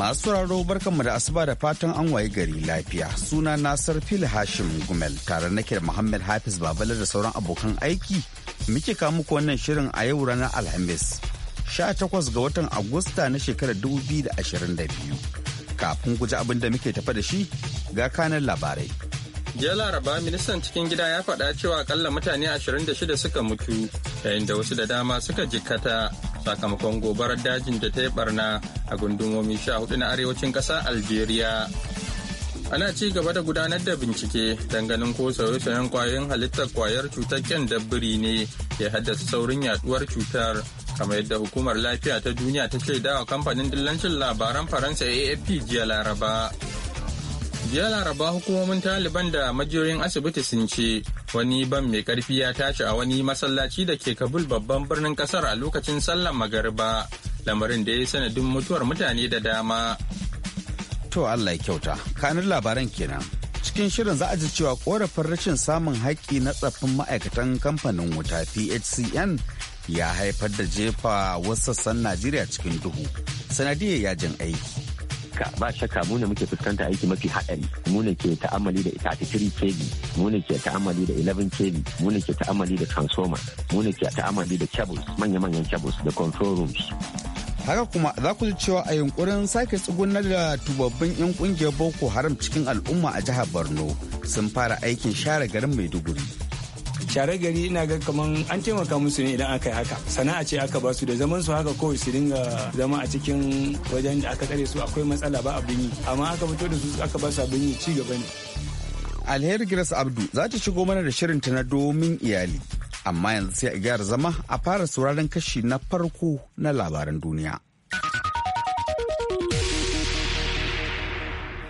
Masu sauraro mu da asuba da fatan an waye gari lafiya. Suna Nasar Fil Hashim Gumel tare nake da Muhammad Hafiz Babala da sauran abokan aiki. Muke kawo muku wannan shirin a yau ranar Alhamis. 18 ga watan Agusta na shekarar 2022. Kafin guji abin da muke tafa da shi ga kanan labarai. Jiya Laraba ministan cikin gida ya faɗa cewa akalla mutane 26 suka mutu yayin da wasu da dama suka jikkata sakamakon gobarar dajin da ta yi barna a gundumomi sha hudu na arewacin ƙasa algeria ana ci gaba da gudanar da bincike ganin ko sauye-sauyen kwayoyin halittar kwayar cutar kyan dabbiri ne ya haddasa saurin yaduwar cutar kamar yadda hukumar lafiya ta duniya ta ce dawa kamfanin dillancin labaran faransa afp jiya laraba jiya laraba hukumomin taliban da majiyoyin asibiti sun ce wani ban mai karfi ya tashi a wani masallaci da ke kabul babban birnin kasar a lokacin sallar magariba lamarin da ya sanadin mutuwar mutane da dama to allah ya kyauta kanin labaran kenan cikin shirin za a ji cewa korafin rashin samun haƙƙi na tsaffin ma'aikatan kamfanin wuta phcn ya haifar da jefa wasu sassan najeriya cikin duhu sanadiyar yajin aiki shakka ba shakka mu ne muke fuskanta aiki mafi haɗari mu ne ke ta'amali da 33 kV mu ne ke ta'amali da 11 kV mu ne ke ta'amali da transformer mu ne ke ta'amali da cables manya-manyan cables da control rooms haka kuma za ku ji cewa a yunkurin sake tsugunar da tubabbin 'yan kungiyar boko haram cikin al'umma a jihar borno sun fara aikin share garin maiduguri share gari ina ga kaman an taimaka musu ne idan aka yi haka sana'a ce aka ba su da zaman su haka kawai su dinga zama a cikin wajen da aka tsare su akwai matsala ba abin yi amma aka fito da su aka ba su abin yi ci gaba ne alheri grace abdu za ta shigo mana da shirin ta na domin iyali amma yanzu sai a gyara zama a fara sauraron kashi na farko na labaran duniya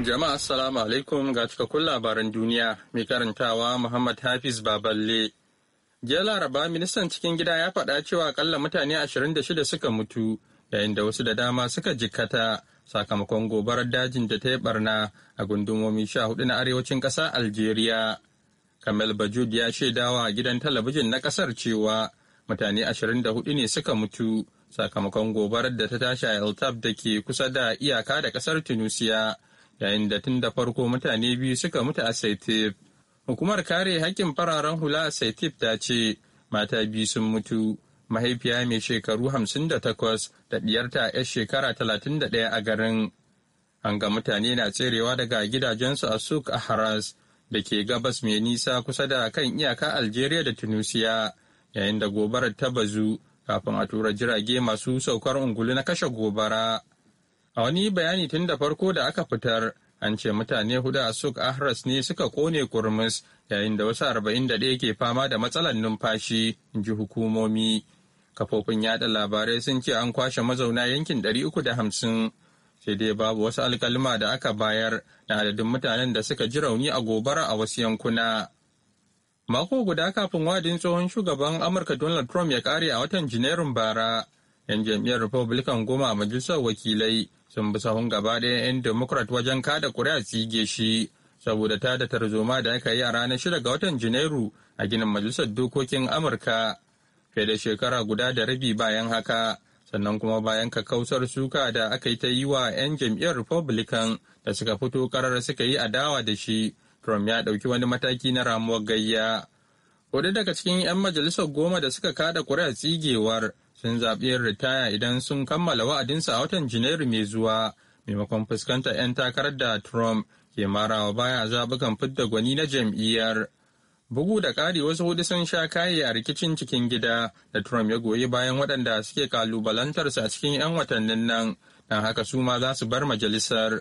Jama'a assalamu alaikum ga cikakkun labaran duniya mai karantawa Muhammad Hafiz Baballe. Jiya Laraba ministan cikin gida ya faɗa cewa akalla mutane 26 suka mutu yayin da wasu da dama suka jikkata sakamakon gobarar dajin da ta yi barna a gundumomi hudu na arewacin ƙasa Algeria. Kamel Bajud ya shaidawa gidan talabijin na ƙasar cewa mutane 24 ne suka mutu sakamakon gobarar da ta tashi a El da ke kusa da iyaka da ƙasar Tunusiya. yayin da tun da farko mutane biyu suka mutu a Saitif. Hukumar kare hakkin fararen hula a Saitif ta ce mata biyu sun mutu, mahaifiya mai shekaru hamsin da takwas da ɗiyarta 'yar shekara talatin da ɗaya a garin. An ga mutane na tserewa daga gidajensu a Suk a Haras da ke gabas mai nisa kusa da kan iyaka Algeria da tunisia yayin da gobarar ta bazu kafin a tura jirage masu saukar ungulu na kashe gobara. A wani bayani tun da farko da aka fitar, an ce mutane huda a Suk Ahras ne suka kone kurmus yayin da wasu arba'in da ɗaya ke fama da matsalar numfashi, in ji hukumomi. Kafofin yaɗa labarai sun ce an kwashe mazauna yankin ɗari uku da hamsin. Sai dai babu wasu alkalma da aka bayar na adadin mutanen da suka ji rauni a gobara a wasu yankuna. Mako guda kafin wadin tsohon shugaban Amurka Donald Trump ya ƙare a watan Janairun bara, 'yan jam'iyyar Republican goma a majalisar wakilai sun bi sahun gaba ɗaya 'yan democrat wajen kada kuri'a tsige shi saboda ta da tarzoma da aka yi a ranar shida ga watan janairu a ginin majalisar dokokin amurka fiye da shekara guda da rabi bayan haka sannan kuma bayan kakausar suka da aka yi ta yi wa 'yan jam'iyyar republican da suka fito karar suka yi adawa da shi trump ya ɗauki wani mataki na ramuwar gayya hudu daga cikin 'yan majalisar goma da suka kada kuri'a tsigewar sun zaɓi yin ritaya idan sun kammala wa'adinsu a watan Janairu mai zuwa maimakon fuskantar 'yan takarar da Trump ke marawa baya zaɓukan fidda gwani na jam'iyyar. Bugu da ƙari wasu hudu sun sha kayi a rikicin cikin gida da Trump ya goyi bayan waɗanda suke kalubalantarsa a cikin 'yan watannin nan, don haka su ma za su bar majalisar.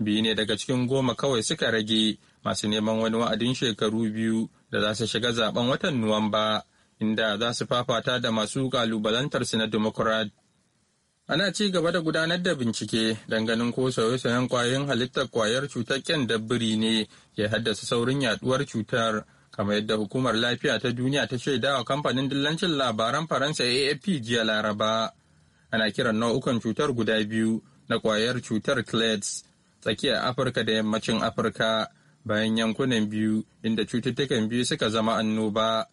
Biyu ne daga cikin goma kawai suka rage masu neman wani wa'adin shekaru biyu da za su shiga zaben watan Nuwamba. inda za su fafata da masu kalubalantarsu na democrat ana ci gaba da gudanar da bincike ganin ko sauye-sauyen kwayoyin halittar kwayar cutar ƙyan dabbiri ne ya haddasa saurin yaduwar cutar kamar yadda hukumar lafiya ta duniya ta shaida wa kamfanin dillancin labaran faransa afp jiya laraba ana kiran nau'ukan cutar guda biyu na kwayar cutar clades tsakiyar afirka da yammacin afirka bayan yankunan biyu inda cututtukan biyu suka zama annoba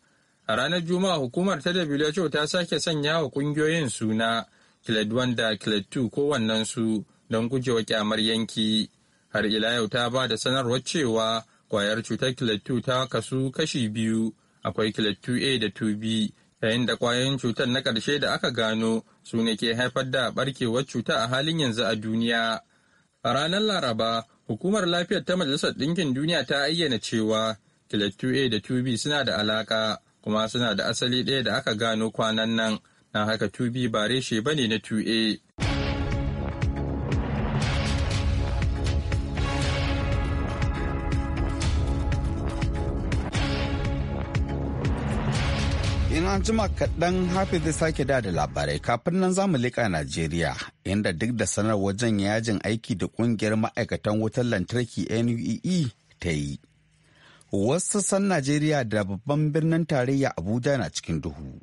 A ranar Juma'a hukumar ta WHO ta sake sanya wa kungiyoyin suna Clade 1 da Clade 2 kowannensu don gujewa kyamar yanki. Har ila yau ta ba da sanarwar cewa kwayar cutar Clade 2 ta kasu kashi biyu akwai Clade 2A da 2B yayin da kwayoyin cutar na ƙarshe da aka gano su ne ke haifar da barkewar cuta a halin yanzu a duniya. A ranar Laraba, Hukumar Lafiyar ta Majalisar Ɗinkin Duniya ta ayyana cewa Clade 2A da 2B suna da alaƙa kuma suna da asali ɗaya da aka gano kwanan nan na haka 2b ba reshe ba ne na 2a an jima kaɗan hafiz zai sake da da labarai kafin nan zamu leƙa najeriya inda duk da sanar wajen yajin aiki da ƙungiyar ma'aikatan wutar lantarki nuee e ta yi wasu sassan najeriya da babban birnin tarayya abuja na cikin duhu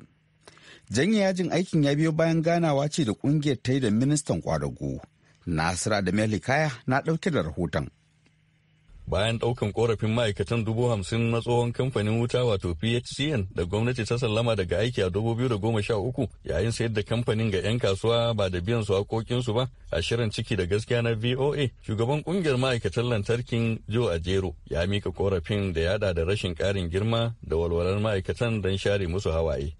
janye yajin aikin ya biyo bayan ganawa ce da kungiyar ta yi da ministan kwadago nasira da melikaya na ɗauke da rahoton bayan ɗaukan korafin ma'aikatan dubu hamsin na tsohon kamfanin wuta wato phcn da gwamnati ta sallama daga aiki a dubu biyu da goma sha uku yayin sayar da kamfanin ga 'yan kasuwa ba da biyan su haƙoƙinsu ba a shirin ciki da gaskiya na voa shugaban ƙungiyar ma'aikatan lantarkin joe jero ya mika korafin da yada da rashin ƙarin girma da walwalar ma'aikatan don share musu hawaye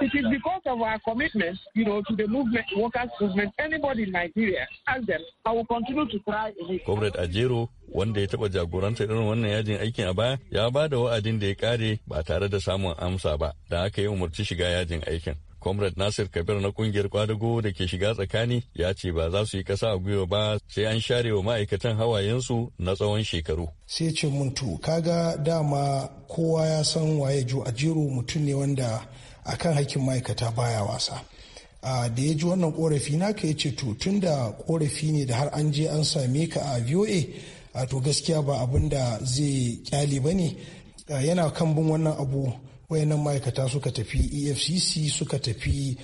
It is because of our commitment, you know, to the movement, workers' movement. Anybody in Nigeria, ask them. I will continue to try Comrade Ajero, wanda ya taba jagorantar irin wannan yajin aikin a baya, ya ba da wa'adin da ya kare ba tare da samun amsa ba, da aka yi umarci shiga yajin aikin. Comrade Nasir Kabir na kungiyar kwadago da ke shiga tsakani ya ce ba za su yi kasa a gwiwa ba sai an share wa ma'aikatan hawayensu na tsawon shekaru. Sai ce mun to kaga dama kowa ya san waye jo a mutum ne wanda akan hakkin ma'aikata baya wasa da ya ji wannan korafi naka ya ce to tun da korafi ne da har an je an same ka a voa a to gaskiya ba abin da zai kyale ba ne yana kan bin wannan abu wayannan ma'aikata suka tafi efcc suka tafi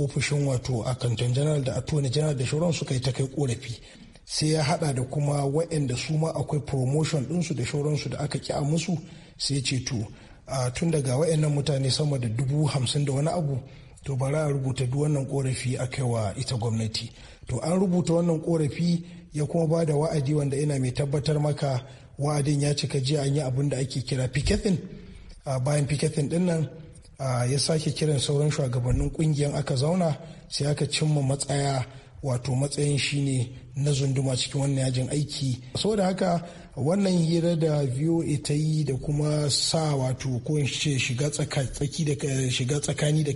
ofishin wato akantan general da attorney general da shauran suka yi ta kai korafi sai ya hada da kuma wayanda su ma akwai promotion dinsu da shauransu da aka kya musu sai ce to a tun daga wayannan mutane sama da dubu hamsin da wani abu to bara a rubuta duk wannan korafi a kai wa ita gwamnati to an rubuta wannan korafi ya kuma ba da wa'adi wanda yana mai tabbatar maka wa'adin ya cika jiya an yi abin da ake kira piketin bayan piketin din nan ya sake kiran sauran shugabannin kungiyan aka zauna sai aka cimma matsaya wato matsayin shi ne na zunduma cikin wannan yajin aiki saboda haka wannan hira da voa ta yi da kuma sa wato ko ce shiga tsakani da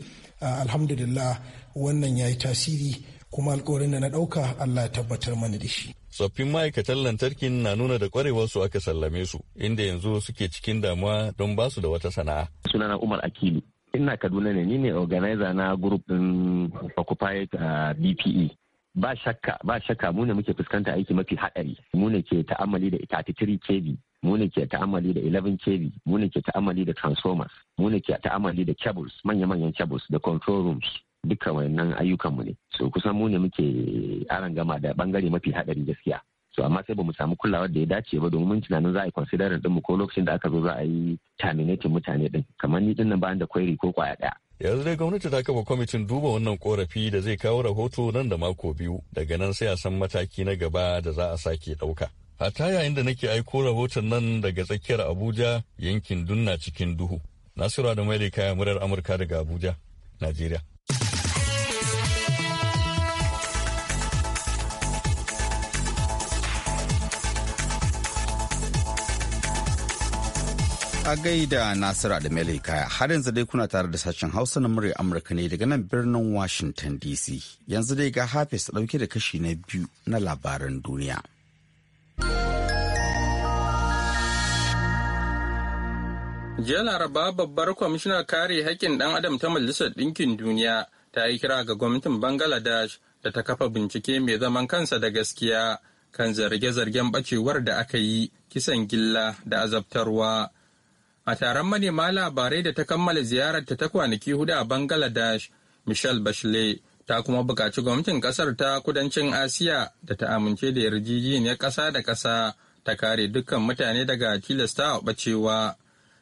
alhamdulillah wannan ya yi tasiri kuma alkawarin da na ɗauka Allah ya tabbatar mana da shi. Tsoffin ma'aikatan lantarkin na nuna da kwarewar su aka sallame su inda yanzu suke cikin damuwa don ba su da wata sana'a. Sunana Umar akili Ina Kaduna ne, ni ne organizer na group din Occupy BPE. ba shakka ba shakka mu ne muke fuskanta aiki mafi haɗari mu ne ke ta'ammali da 33 kV mu ne ke ta'amali da 11 kV mu ne ke ta'amali da transformers mu ne ke ta'amali da cables manya-manyan cables da control rooms duka wayannan ayyukanmu ne so kusan mu ne muke aran gama da bangare mafi haɗari gaskiya so amma sai ba mu samu kulawar da ya dace ba domin tunanin za a yi considering din mu ko lokacin da aka zo za a yi terminating mutane din kamar ni din nan da kwairi ko kwaya daya yanzu dai gwamnati ta kafa kwamitin duba wannan korafi da zai kawo rahoto nan da mako biyu daga nan sai a san mataki na gaba da za a sake ɗauka hatta yayin da nake aiko rahoton nan daga tsakiyar abuja yankin dunna cikin duhu nasura da mai kaya murar amurka daga abuja najeriya A gaida Nasiru da kaya har yanzu dai kuna tare da sashen Hausa na murya Amurka ne daga nan birnin Washington DC. Yanzu dai ga Hafiz ɗauke da kashi na biyu na labaran duniya. Jiya Laraba babbar kwamishinar kare haƙƙin ɗan adam ta Majalisar Ɗinkin Duniya ta yi kira ga gwamnatin Bangladesh da ta kafa bincike mai zaman kansa da gaskiya kan zarge-zargen ɓacewar da aka yi kisan gilla da azabtarwa. A taron manema labarai da ta kammala ziyararta ta kwanaki hudu a bangaladesh Michelle Bachelet ta kuma bukaci gwamnatin ƙasar ta kudancin Asiya da ta amince da yarjejeniyar ƙasa da ƙasa ta kare dukkan mutane daga tilasta a ɓacewa.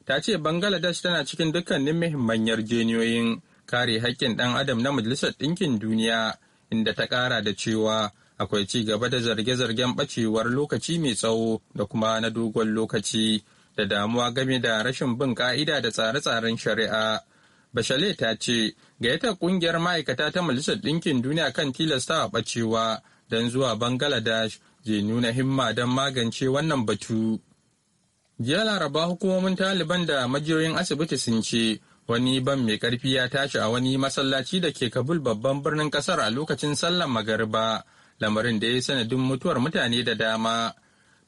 Ta ce Bangladesh tana cikin dukkanin muhimman yarjejeniyoyin kare haƙƙin ɗan adam na Majalisar Ɗinkin Duniya, inda ta ƙara da cewa akwai ci gaba da zarge-zargen ɓacewar lokaci mai tsawo da kuma na dogon lokaci. da damuwa game da rashin bin ka'ida da tsare-tsaren shari'a. Bashale ta ce gayyatar kungiyar ma'aikata ta Majalisar Ɗinkin Duniya kan tilastawa ɓacewa don zuwa Bangladesh zai nuna himma don magance wannan batu. Jiya Laraba hukumomin Taliban da majiyoyin asibiti sun ce wani ban mai karfi ya tashi a wani masallaci da ke Kabul babban birnin ƙasar a lokacin sallar magariba lamarin da ya yi sanadin mutuwar mutane da dama.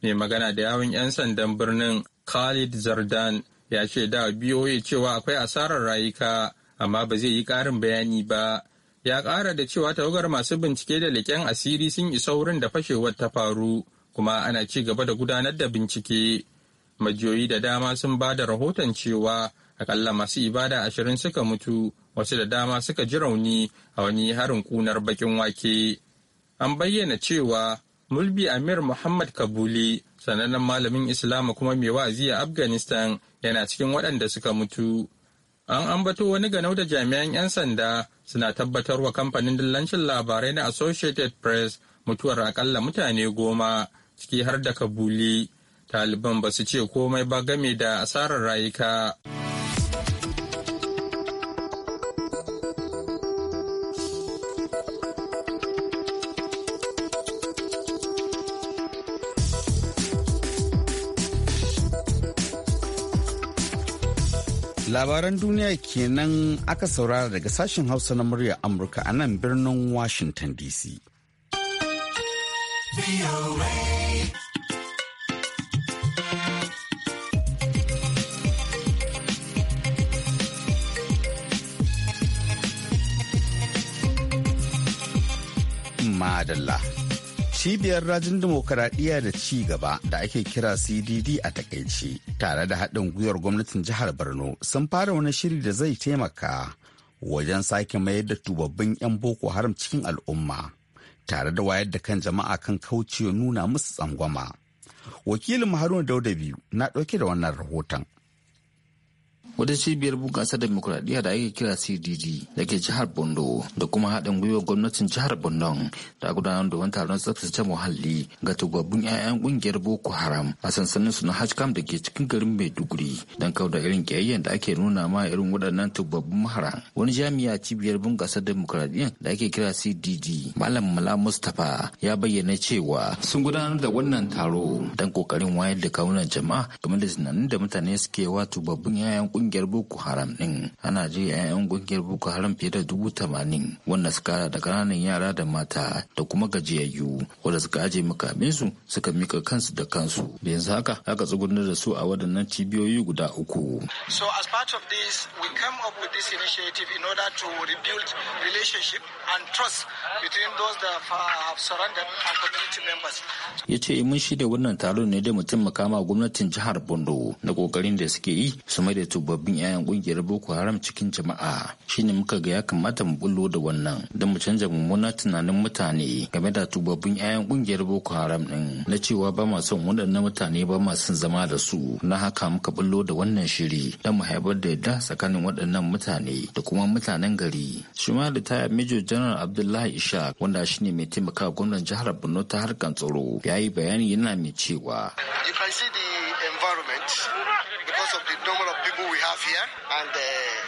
Mai magana da yawun 'yan sandan birnin Khalid Zardan ya ce da BOA cewa akwai asarar rayuka amma ba zai yi ƙarin bayani ba. Ya ƙara da cewa tawagar masu bincike da leƙen asiri sun isa wurin da fashewar ta faru kuma ana ci gaba da gudanar da bincike. Majiyoyi da dama sun ba da rahoton cewa akalla masu ibada ashirin suka mutu wasu da dama suka ji rauni a wani harin kunar bakin wake. An bayyana cewa mulbi amir muhammad kabuli sanannen malamin islama kuma mai wa'azi a afghanistan yana cikin waɗanda suka mutu an ambato wani ganau da jami'an 'yan sanda suna tabbatar wa kamfanin dillancin labarai na associated press mutuwar akalla mutane goma ciki har da kabuli taliban ba su ce komai ba game da asarar rayuka. labaran duniya kenan aka saurara daga sashen hausa na murya amurka a nan birnin washington dc madalla cibiyar rajin dimokuraɗiyya da ci gaba da ake kira cdd a takaice tare da haɗin gwiwar gwamnatin jihar borno sun fara wani shiri da zai taimaka wajen sake mayar da tubabbin 'yan boko haram cikin al'umma tare da wayar da kan jama'a kan kaucewa nuna musu tsangwama wakilin haruna dauda biyu na ɗauke da wannan rahoton wata cibiyar bunƙasa demokuraɗiyya da ake kira cdd da ke jihar bondo da kuma haɗin gwiwar gwamnatin jihar bondo ta gudanar da wani taron tsaftace muhalli ga tugwabbin 'ya'yan ƙungiyar boko haram a sansanin su na hajkam da ke cikin garin maiduguri don da irin ƙiyayyen da ake nuna ma irin waɗannan tugwabbin maharan wani jami'a cibiyar bunƙasa demokuraɗiyya da ake kira cdd malam mala mustapha ya bayyana cewa sun gudanar da wannan taro don ƙoƙarin wayar da kawunan jama'a game da tunanin da mutane suke wa babbin 'ya'yan ƙungiyar kungiyar boko haram din ana je yayan kungiyar boko haram fiye da dubu tamanin wanda suka da kananan yara da mata da kuma gajiyayyu wanda suka aje su suka mika kansu da kansu da yanzu haka aka tsugunar da su a waɗannan cibiyoyi guda uku. So as part of this we came up with this initiative in order to rebuild relationship and trust between those that have surrendered and community members. Ya ce mun shirya wannan taron ne da mutum makama gwamnatin jihar Bondo na kokarin da suke yi su mai da sababbin 'ya'yan kungiyar boko haram cikin jama'a shine muka ga ya kamata mu bullo da wannan Da mu canza mummuna tunanin mutane game da tubabbin 'ya'yan kungiyar boko haram din na cewa ba ma son waɗannan mutane ba ma son zama da su na haka muka bullo da wannan shiri don mu haifar da yadda tsakanin waɗannan mutane da kuma mutanen gari shi ma da taya mijo Janar abdullahi ishaq wanda shine mai taimakawa gwamnan jihar borno ta harkar tsaro ya yi bayani yana mai cewa here and uh,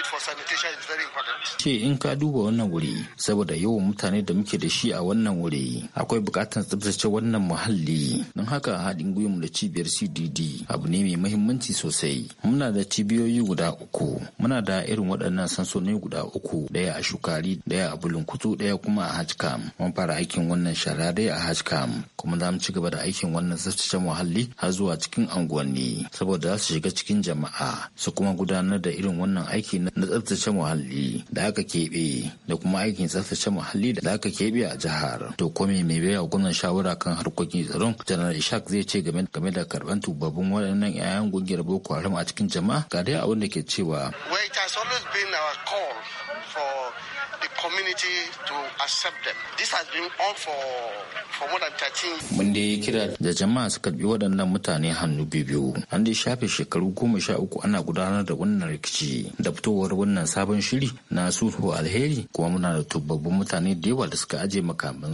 need for sanitation is very important. Ce in ka duba wannan wuri saboda yawan mutane da muke da shi a wannan wuri akwai bukatar tsabtace wannan muhalli don haka haɗin gwiwa da cibiyar CDD abu ne mai mahimmanci sosai. Muna da cibiyoyi guda uku muna da irin waɗannan sansoni guda uku ɗaya a shukari ɗaya a bulunkutu ɗaya kuma a hajkam mun fara aikin wannan shara dai a hajkam kuma za mu ci gaba da aikin wannan tsabtace muhalli har zuwa cikin anguwanni saboda za su shiga cikin jama'a su kuma gudanar da irin wannan aiki na na tsaftace muhalli da aka keɓe da kuma aikin tsaftace muhalli da aka keɓe a jihar to kome mai baiwa gwamnan shawara kan harkokin tsaron janar ishak zai ce game game da karban tubabin waɗannan 'ya'yan gungiyar boko haram a cikin jama'a ga dai abin da ke cewa always been community to accept them. This has been on for, for more than 13 Mun da kira da jama'a su karbi waɗannan mutane hannu biyu. An je shafe shekaru goma sha uku ana gudanar da wannan rikici da fitowar wannan sabon shiri na sulhu alheri kuma muna da tubabbun mutane da yawa da suka aje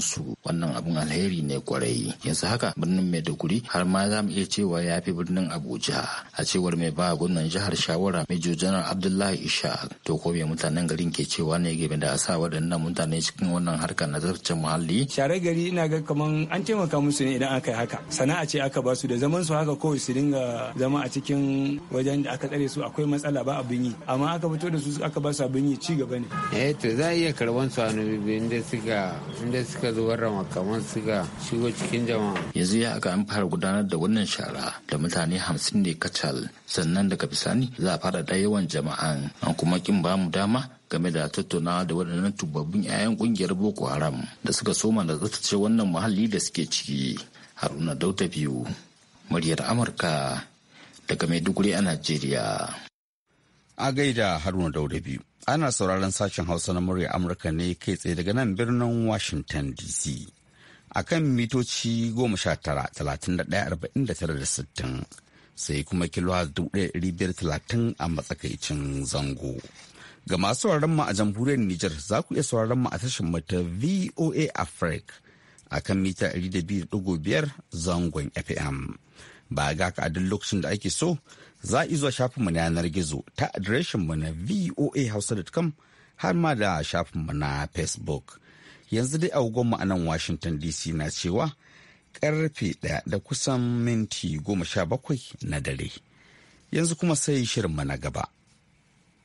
su. wannan abin alheri ne kwarai. Yanzu haka birnin Maiduguri har ma za mu iya cewa ya fi birnin Abuja a cewar mai ba gwamnan jihar shawara Major General Abdullahi Isha. to ko mutanen garin ke cewa ne game da asawa waɗannan mutane cikin wannan harkar nazarcin muhalli. Share gari ina ga kaman an taimaka musu ne idan aka yi haka. Sana'a ce aka ba su da zaman su haka kawai su dinga zama a cikin wajen da aka tsare su akwai matsala ba abin yi. Amma aka fito da su aka ba su abin yi ci gaba ne. Eh to za a iya karban su hannu biyu inda suka inda suka zo warrama kaman suka shigo cikin jama'a. Yanzu ya aka an fara gudanar da wannan shara da mutane hamsin ne kacal sannan daga bisani za a fara ɗaya yawan jama'an an kuma kin bamu dama game da tattauna da waɗannan tubabbin 'ya'yan ƙungiyar boko haram da suka soma da zartace wannan muhalli da suke ciki haruna dauta biyu muryar amurka daga maiduguri a najeriya a gaida haruna dauda biyu ana sauraron sashen hausa na muryar amurka ne kai tsaye daga nan birnin washington dc a kan mitoci 19,31,49,60 sai kuma kilo 1530 a matsakaicin zango. Ga masu sauraron mu a jamhuriyar Nijar za ku iya sauraron mu a tashar mu ta VOA Africa a kan mita 200.5 zangon FM. Ba ga ka a duk lokacin da ake so za a zuwa shafin mu na yanar gizo ta adireshin mu na voahausa.com har ma da shafin mu na Facebook. Yanzu dai agogon mu a nan Washington DC na cewa karfe ɗaya da kusan minti goma sha bakwai na dare. Yanzu kuma sai shirin mu na gaba.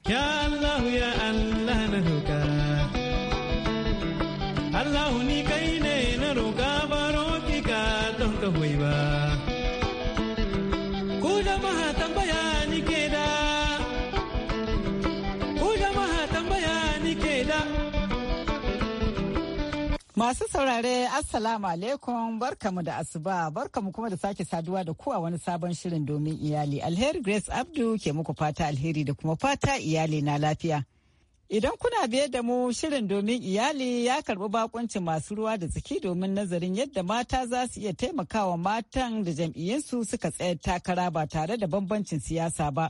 Ya Allah ya Allah na roƙa. Allah ni kai ne na roƙa baro ki ka don ka ba. Masu saurare Assalamu alaikum barkamu da asuba barkamu kuma da sake saduwa da kuwa wani sabon shirin domin iyali. Alheri Grace Abdu ke muku fata alheri da kuma fata iyali na lafiya. Idan kuna biye da mu shirin domin iyali ya karbi bakuncin masu ruwa da tsaki domin nazarin yadda mata za su iya taimakawa matan da jam'iyyinsu suka tsayar takara ba tare da bambancin siyasa ba.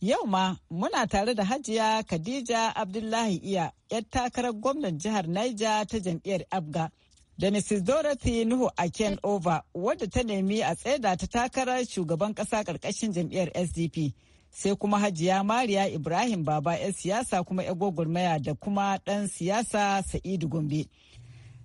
Yau ma muna tare da Hajiya Khadija Abdullahi Iya, 'yar takarar gwamnan jihar Niger ta jam'iyyar Abga. Da Mrs. Dorothy Nuhu Aken Ova wadda ta nemi a tsaida ta takarar shugaban ƙasa ƙarƙashin jam'iyyar SDP. Sai kuma Hajiya Mariya Ibrahim Baba 'yar siyasa kuma 'yar gwagwarmaya da kuma ɗan siyasa Sa'idu Gombe.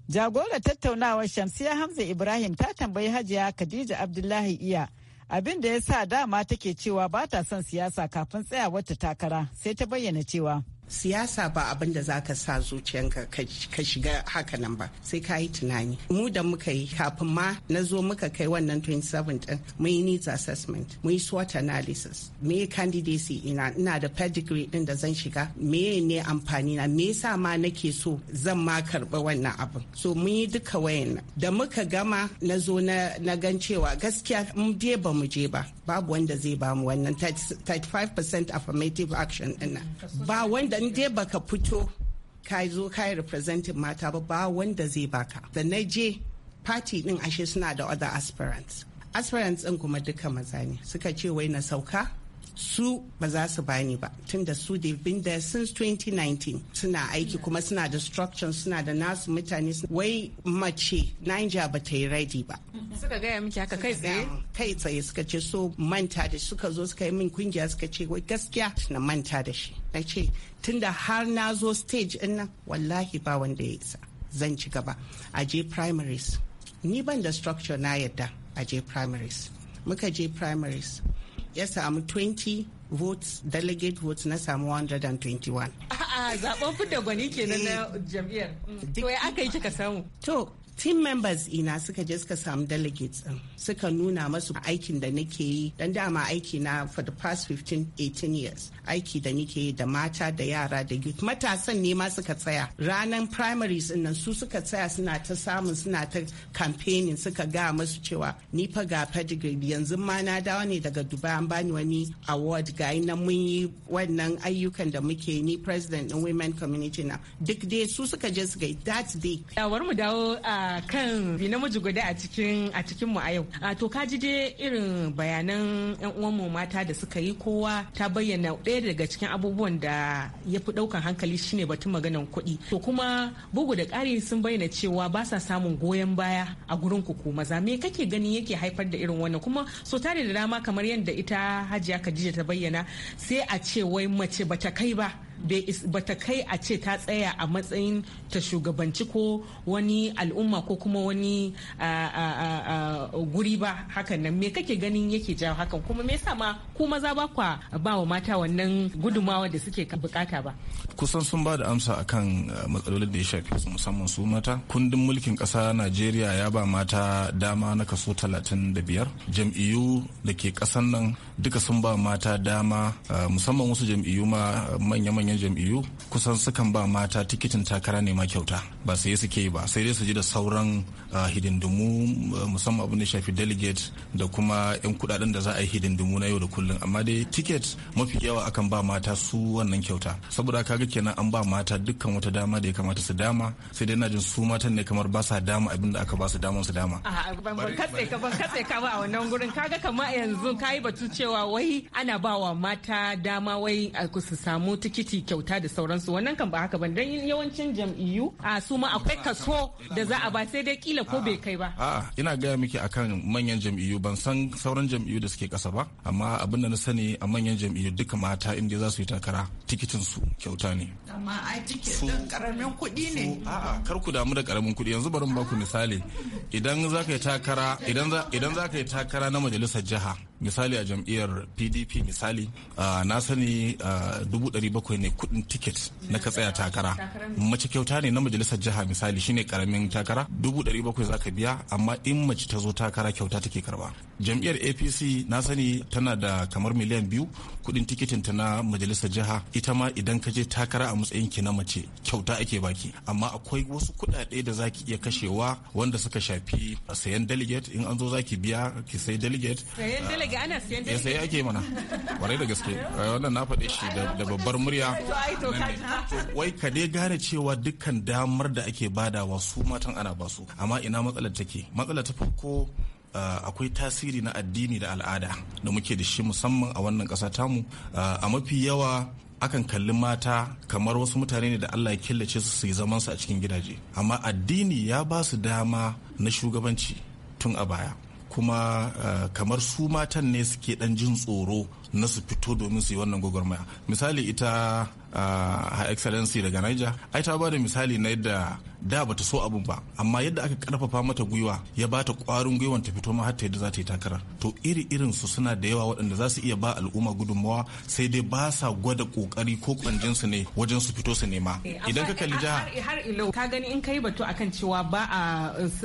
Jagorar tattaunawar Shamsiya Hamza Ibrahim ta tambayi Hajiya Khadija Abdullahi Iya. abin da ya sa dama take cewa ba ta son siyasa kafin tsaya wata takara sai ta bayyana cewa siyasa ba abin da ka sa zuciyanka ka shiga haka nan ba sai ka yi tunani mu da muka yi kafin ma na zo muka kai wannan 27 din mun yi needs assessment mun yi SWOT analysis me candidacy ina ina da pedigree din da zan shiga me ne amfani na me yasa ma nake so zan ma karba wannan abin so mun yi duka wayan da muka gama na zo na gan cewa gaskiya mu je ba mu je ba babu wanda zai ba mu wannan 35% affirmative action ɗin ba wanda in dai baka fito ka zo ka yi representing mata ba ba wanda zai baka da na je party din ashe suna da other aspirants aspirants din kuma duka maza ne suka ce wai na sauka su ba za su bani ba tun da su da been there since 2019 suna aiki kuma suna da structure suna da nasu mutane wai mace Niger ba ta yi ready ba suka gaya miki haka kai tsaye kai tsaye suka ce so manta da suka zo suka yi min kungiya suka ce wai gaskiya na manta da shi na ce tun da har na zo stage in nan wallahi ba wanda ya isa zan ci gaba a je primaries ni ban da structure na yadda a je primaries muka je primaries ya samu 20 votes delegate votes na samu 121 a zaɓen fidda gwani kenan na eh, jam'iyyar mm. to ya aka yi kika samu to team members ina suka je suka samu delegates din suka nuna masu aikin da nake yi dan dama aiki na for the past 15 18 years aiki da nake yi da mata da yara da youth matasan ne ma suka tsaya ranan primaries din nan su suka tsaya suna ta samun suna ta campaigning suka ga masu cewa ni fa ga pedigree yanzu ma na dawo ne daga Dubai an bani wani award ga na mun yi wannan ayyukan da muke ni president din women community na duk dai su suka je suka yi that day yawar mu dawo a ah, kan namiji guda a cikin a cikin mu a yau. To ka ji dai irin bayanan yan uwan mu mata da suka yi kowa ta bayyana ɗaya daga cikin abubuwan da ya fi ɗaukan hankali shine batun maganan kuɗi. To kuma bugu da ƙari sun bayyana cewa ba sa samun goyon baya a gurin ku ko maza me kake gani yake haifar da irin wannan kuma so tare da dama kamar yadda ita Hajiya Khadija ta bayyana sai a ce wai mace bata kai ba ba ta kai a ce ta tsaya a matsayin ta shugabanci ko wani al'umma ko kuma wani guri ba hakan nan me kake ganin yake jawo hakan kuma me yasa ma ku maza ba kwa ba wa mata wannan gudumawa da suke bukata ba kusan sun ba da amsa akan uh, matsalolin da ya shafi su musamman su mata kundin mulkin kasa Najeriya ya ba mata dama na kaso 35 jam'iyyu da ke kasan nan duka sun ba mata dama uh, musamman wasu jam'iyyu ma uh, manya-manya manyan jam'iyyu kusan sukan ba mata tikitin takara ne ma kyauta ba sai suke ba sai dai su ji da sauran hidindimu musamman abin da shafi delegate da kuma 'yan kudaden da za a yi hidindimu na yau da kullum amma dai ticket mafi yawa akan ba mata su wannan kyauta saboda kaga kenan an ba mata dukkan wata dama da ya kamata su dama sai dai na jin su matan ne kamar ba sa dama abin da aka ba su dama su dama ban katse ka ban katse ka ba a wannan gurin kaga kamar yanzu kayi batu cewa wai ana ba wa mata dama wai su samu tikiti kyauta da sauransu wannan kan ba haka ban dan yawancin jam'iyyu a su ma akwai kaso da za a ba sai dai kila kila ko bai ah. kai ba a'a ah, ina gaya miki akan manyan jam'iyyu ban san sauran jam'iyyu da suke kasa ba amma abin da na sani a manyan jam'iyyu duka mata inda za su yi takara tikitin su kyauta ne amma ai tikitin karamin kuɗi ne a'a kar ku damu da karamin kuɗi yanzu bari mu baku misali idan za ka yi takara idan za ka yi takara na majalisar jiha misali a jam'iyyar pdp misali na sani dubu ɗari bakwai ne kuɗin tiket na ka tsaya takara mace kyauta ne na majalisar jiha misali shine karamin takara dubu ɗari bakwai za ka biya amma in mace ta zo takara kyauta take karba jam'iyyar apc na sani tana da kamar miliyan biyu kuɗin tiketin ta na majalisar jiha ita ma idan ka je takara a matsayin ki na mace kyauta ake baki amma akwai wasu kuɗaɗe da za ki iya kashewa wanda suka shafi sayan delegate in an zo za ki biya ki sai delegate daga ake mana warai da gaske eh, wannan na faɗe shi da babbar murya wai ka dai gane cewa dukkan damar da ake badawa su matan ana ba su amma ina matsalar take matsalar ta farko Uh, akwai tasiri na addini da al'ada da muke da shi musamman a wannan ƙasa tamu uh, a mafi yawa akan kalli mata kamar wasu mutane ne da Allah ya killace su su yi zamansu a cikin gidaje amma addini ya ba su dama na shugabanci tun a baya kuma eh, kamar su matan ne suke dan jin tsoro na su fito domin su yi wannan gwagwarmaya misali ita her excellency daga niger ai ta bada misali na yadda da bata so abun ba amma yadda aka karfafa mata gwiwa ya ba ta kwarin gwiwan ta fito ma har ta yadda za ta yi takara to iri irin su suna da yawa waɗanda za su iya ba al'umma gudunmawa sai dai ba sa gwada kokari ko kwanjin su ne wajen su fito su nema eh, idan ka kalli jiha har ilo ka gani in kai batu akan cewa ba a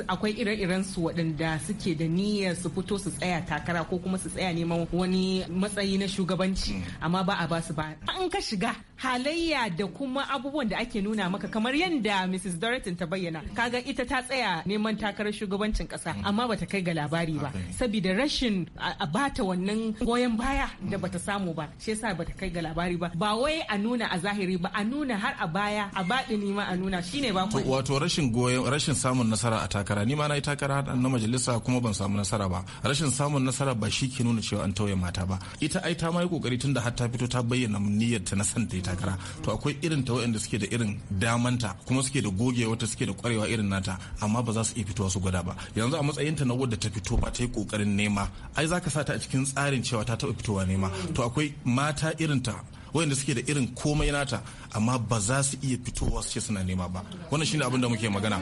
akwai ire-iren su waɗanda suke da niyyar su fito su tsaya takara ko kuma su tsaya neman wani matsayi na shugabanci mm. amma ba a ba su ba an ka shiga halayya da kuma abubuwan da ake nuna maka kamar yadda Mrs. Dorothy ta bayyana kaga ita ta tsaya neman takarar shugabancin kasa amma bata kai ga labari ba saboda rashin a bata wannan goyon baya da bata samu ba shi yasa bata kai ga labari ba ba wai a nuna a zahiri ba a nuna har a baya a baɗi ma a nuna shine ba wato rashin goyon rashin samun nasara a takara ni ma na yi takara na majalisa kuma ban samu nasara ba rashin samun nasara ba shi ke nuna cewa an tauye mata ba ita ai ta ma yi kokari tunda har ta fito ta bayyana niyyar ta na san takara to akwai irin ta wa'anda suke da irin damanta kuma suke da gogewa ta suke da kwarewa irin nata amma ba za su iya fitowa su gwada ba yanzu a matsayinta na wadda ta fito ba ta yi kokarin nema ai za ka sa ta a cikin tsarin cewa ta taɓa fitowa nema to akwai mata irin ta wayanda suke da irin komai nata amma ba za su iya fitowa su ce suna nema ba wannan shine abin da muke magana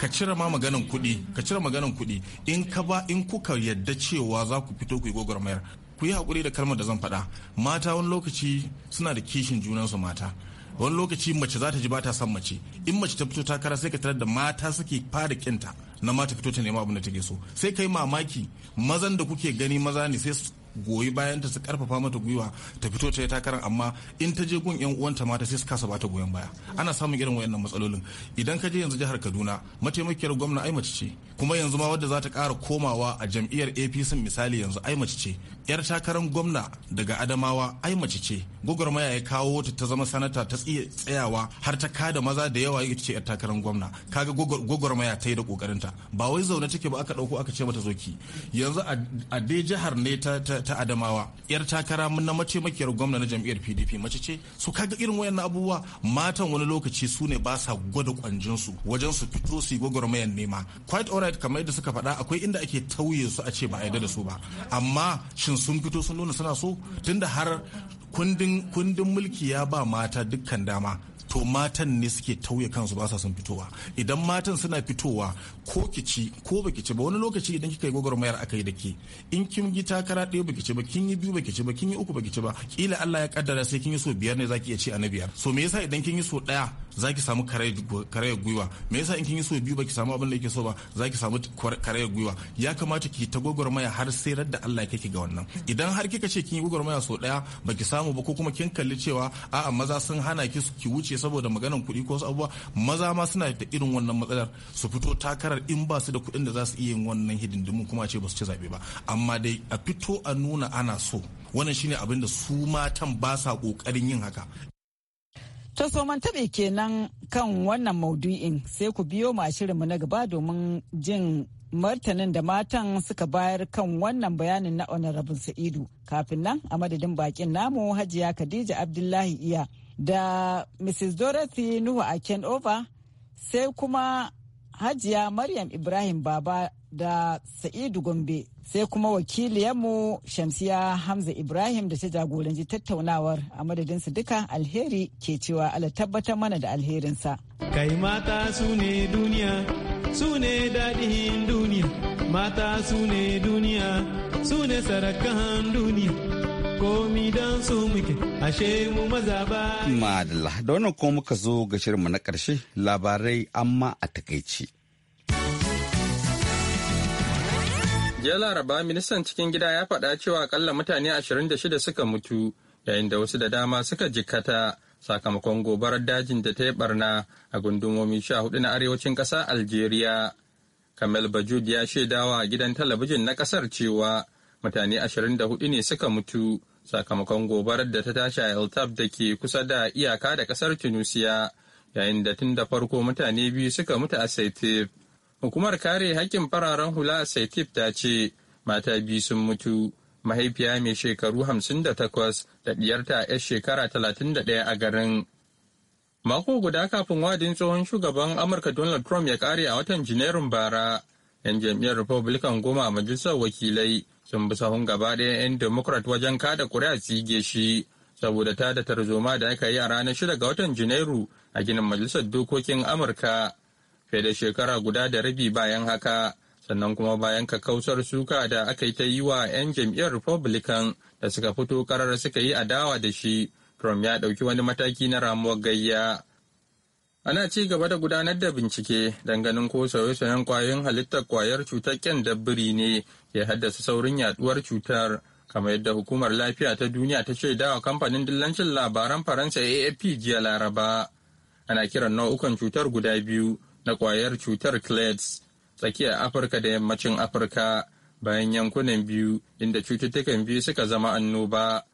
ka cire ma maganan kuɗi ka cire maganan kuɗi in ka ba in kuka yadda cewa za ku fito ku yi mayar. ku yi hakuri da kalmar da zan faɗa mata wani lokaci suna da kishin junansu mata wani lokaci mace za ta ji bata son mace in mace ta fito takara sai ka tarar da mata suke fara kinta na mata fito ta nema abin da take so sai kai mamaki mazan da kuke gani maza ne sai goyi bayan ta su karfafa mata gwiwa ta fito ta yi takarar amma in ta je gun yan uwanta mata sai su kasa bata goyon baya ana samun irin wayannan matsalolin idan ka je yanzu jihar Kaduna mataimakiyar gwamna ai mace ce kuma yanzu ma wadda za ta ƙara komawa a jam'iyyar APC misali yanzu ai mace ce yar takarar gwamna daga Adamawa ai mace ce gwagwarmaya ya kawo ta ta zama sanata ta tsayawa har ta kada maza da yawa ita ce yar takarar gwamna kaga gwagwarmaya ta yi da kokarinta ba wai zaune take ba aka dauko aka ce mata zoki yanzu a dai jihar ne ta ta Adamawa yar takara mun na mataimakiyar gwamna na jam'iyyar PDP mace ce su kaga irin wayannan abubuwa matan wani lokaci su ne ba sa gwada kwanjin su wajen su fito su yi gwagwarmayar nema quite alright kamar yadda suka faɗa akwai inda ake tauye su a ce ba a yarda da su ba amma shin sun fito sun nuna suna so tunda har kundin mulki ya ba mata dukkan dama to matan ne suke tauye kansu ba sa son fitowa idan matan suna fitowa ko ki ko baki ci ba wani lokaci idan kika yi gwagwarmayar aka yi da ke in kin yi takara ɗaya baki ci ba kin yi biyu baki ci ba kin yi uku baki ci ba kila Allah ya kaddara sai kin yi so biyar ne zaki iya ci a na biyar so me yasa idan kin yi so ɗaya za ki samu karayar gwiwa me yasa in kin yi so biyu ba ki samu abin da yake so ba za ki samu karayar gwiwa ya kamata ki ta gwagwarmaya har sai da Allah ya ki ga wannan idan har kika ce kin yi gwagwarmaya so daya ba ki samu ba ko kuma kin kalli cewa a'a maza sun hana ki ki wuce saboda maganan kuɗi ko wasu abubuwa maza ma suna da irin wannan matsalar su fito takarar in ba su da kuɗin da za su iya yin wannan hidindimu kuma ce ba su ci zaɓe ba amma dai a fito a nuna ana so wannan shine abin da su matan ba sa kokarin yin haka ta so man kenan kan wannan maudu'in sai ku biyo mu a shirinmu na gaba domin jin martanin da matan suka bayar kan wannan bayanin na honorable sa'idu kafin nan a madadin bakin namu hajiya khadija abdullahi iya da mrs dorothy nuhu a over sai kuma hajiya maryam ibrahim baba da Sa'idu Gombe sai kuma wakiliyarmu Shamsiya Hamza Ibrahim da ta jagoranci tattaunawar a madadinsu duka alheri ke cewa ala tabbatar mana da alherinsa. Kai mata su ne duniya, su ne daɗin duniya, mata su ne duniya, su ne sarakan duniya. Komi don su muke, ashe mu maza ba. Madalla, da wannan kuma muka zo ga shirinmu na ƙarshe labarai amma a takaici. Jiya Laraba ministan cikin gida ya faɗa cewa akalla mutane 26 suka mutu yayin da wasu da dama suka jikkata sakamakon gobarar dajin da ta yi barna a gundumomi 14 na arewacin ƙasa Algeria. Kamel Bajud ya shaidawa gidan talabijin na ƙasar cewa mutane 24 ne suka mutu sakamakon gobarar da ta tashi a ltaf da ke kusa da iyaka da ƙasar Tunusiya yayin da tun da farko mutane biyu suka mutu a Saitif. Hukumar kare hakkin fararen hula a Saitif ta ce mata biyu sun mutu mahaifiya mai shekaru hamsin da da ɗiyarta 'yar shekara talatin da 31 a garin. Mako guda kafin wadin tsohon shugaban Amurka Donald Trump ya kare a watan Janairun bara, 'yan jam'iyyar Republican goma a majalisar wakilai sun bi sahun gaba ɗaya 'yan Democrat wajen kada kuri'a tsige shi, saboda ta da tarzoma da aka yi a ranar shida ga watan Janairu a ginin majalisar dokokin Amurka. fiye da shekara guda da rabi bayan haka sannan kuma bayan kakausar suka da aka yi ta yi wa 'yan jam'iyyar republican da suka fito karar suka yi adawa da shi trump ya ɗauki wani mataki na ramuwar gayya ana ci gaba da gudanar da bincike ganin ko sauye-sauyen kwayoyin halittar kwayar cutar ƙyan dabbiri ne ke haddasa saurin yaduwar cutar kamar yadda hukumar lafiya ta duniya ta shaida wa kamfanin dillancin labaran faransa afp jiya laraba ana kiran nau'ukan cutar guda biyu na kwayar cutar clades tsakiyar afirka da yammacin afirka bayan yankunan biyu inda cututtukan biyu suka zama annoba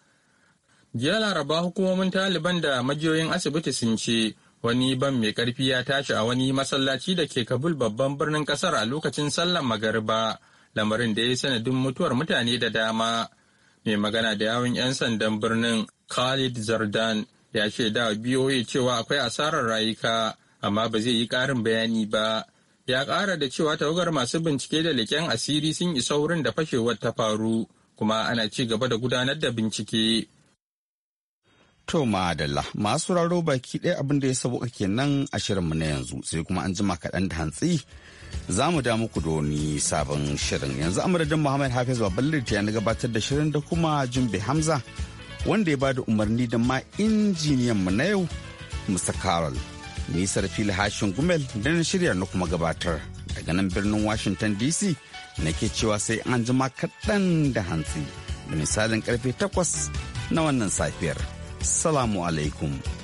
jiya laraba hukumomin taliban da majiyoyin asibiti sun ce wani ban mai karfi ya tashi a wani masallaci da ke kabul babban birnin kasar a lokacin sallar magariba lamarin da ya sanadin mutuwar mutane da dama mai magana da yawon 'yan sandan birnin khalid zardan ya ce da biyoyi cewa akwai asarar rayuka amma ba zai yi ƙarin bayani ba ya ƙara da cewa tawagar masu bincike da leƙen asiri sun isa wurin da fashewar ta faru kuma ana ci gaba da gudanar da bincike. To ma'adalla masu raro baki ɗaya abin da ya sabo kake kenan a mu na yanzu sai kuma an jima kaɗan da hantsi za mu da muku doni sabon shirin yanzu amadadin Muhammad Hafiz Babalir ya na gabatar da shirin da kuma Jumbe Hamza wanda ya bada umarni da ma injiniyan mu na yau Mr. Carol Nisar fili hashin gumel da na shirya na kuma gabatar daga nan birnin Washington DC nake cewa sai an jima kaɗan da hantsi da misalin karfe takwas na wannan safiyar. Salamu alaikum.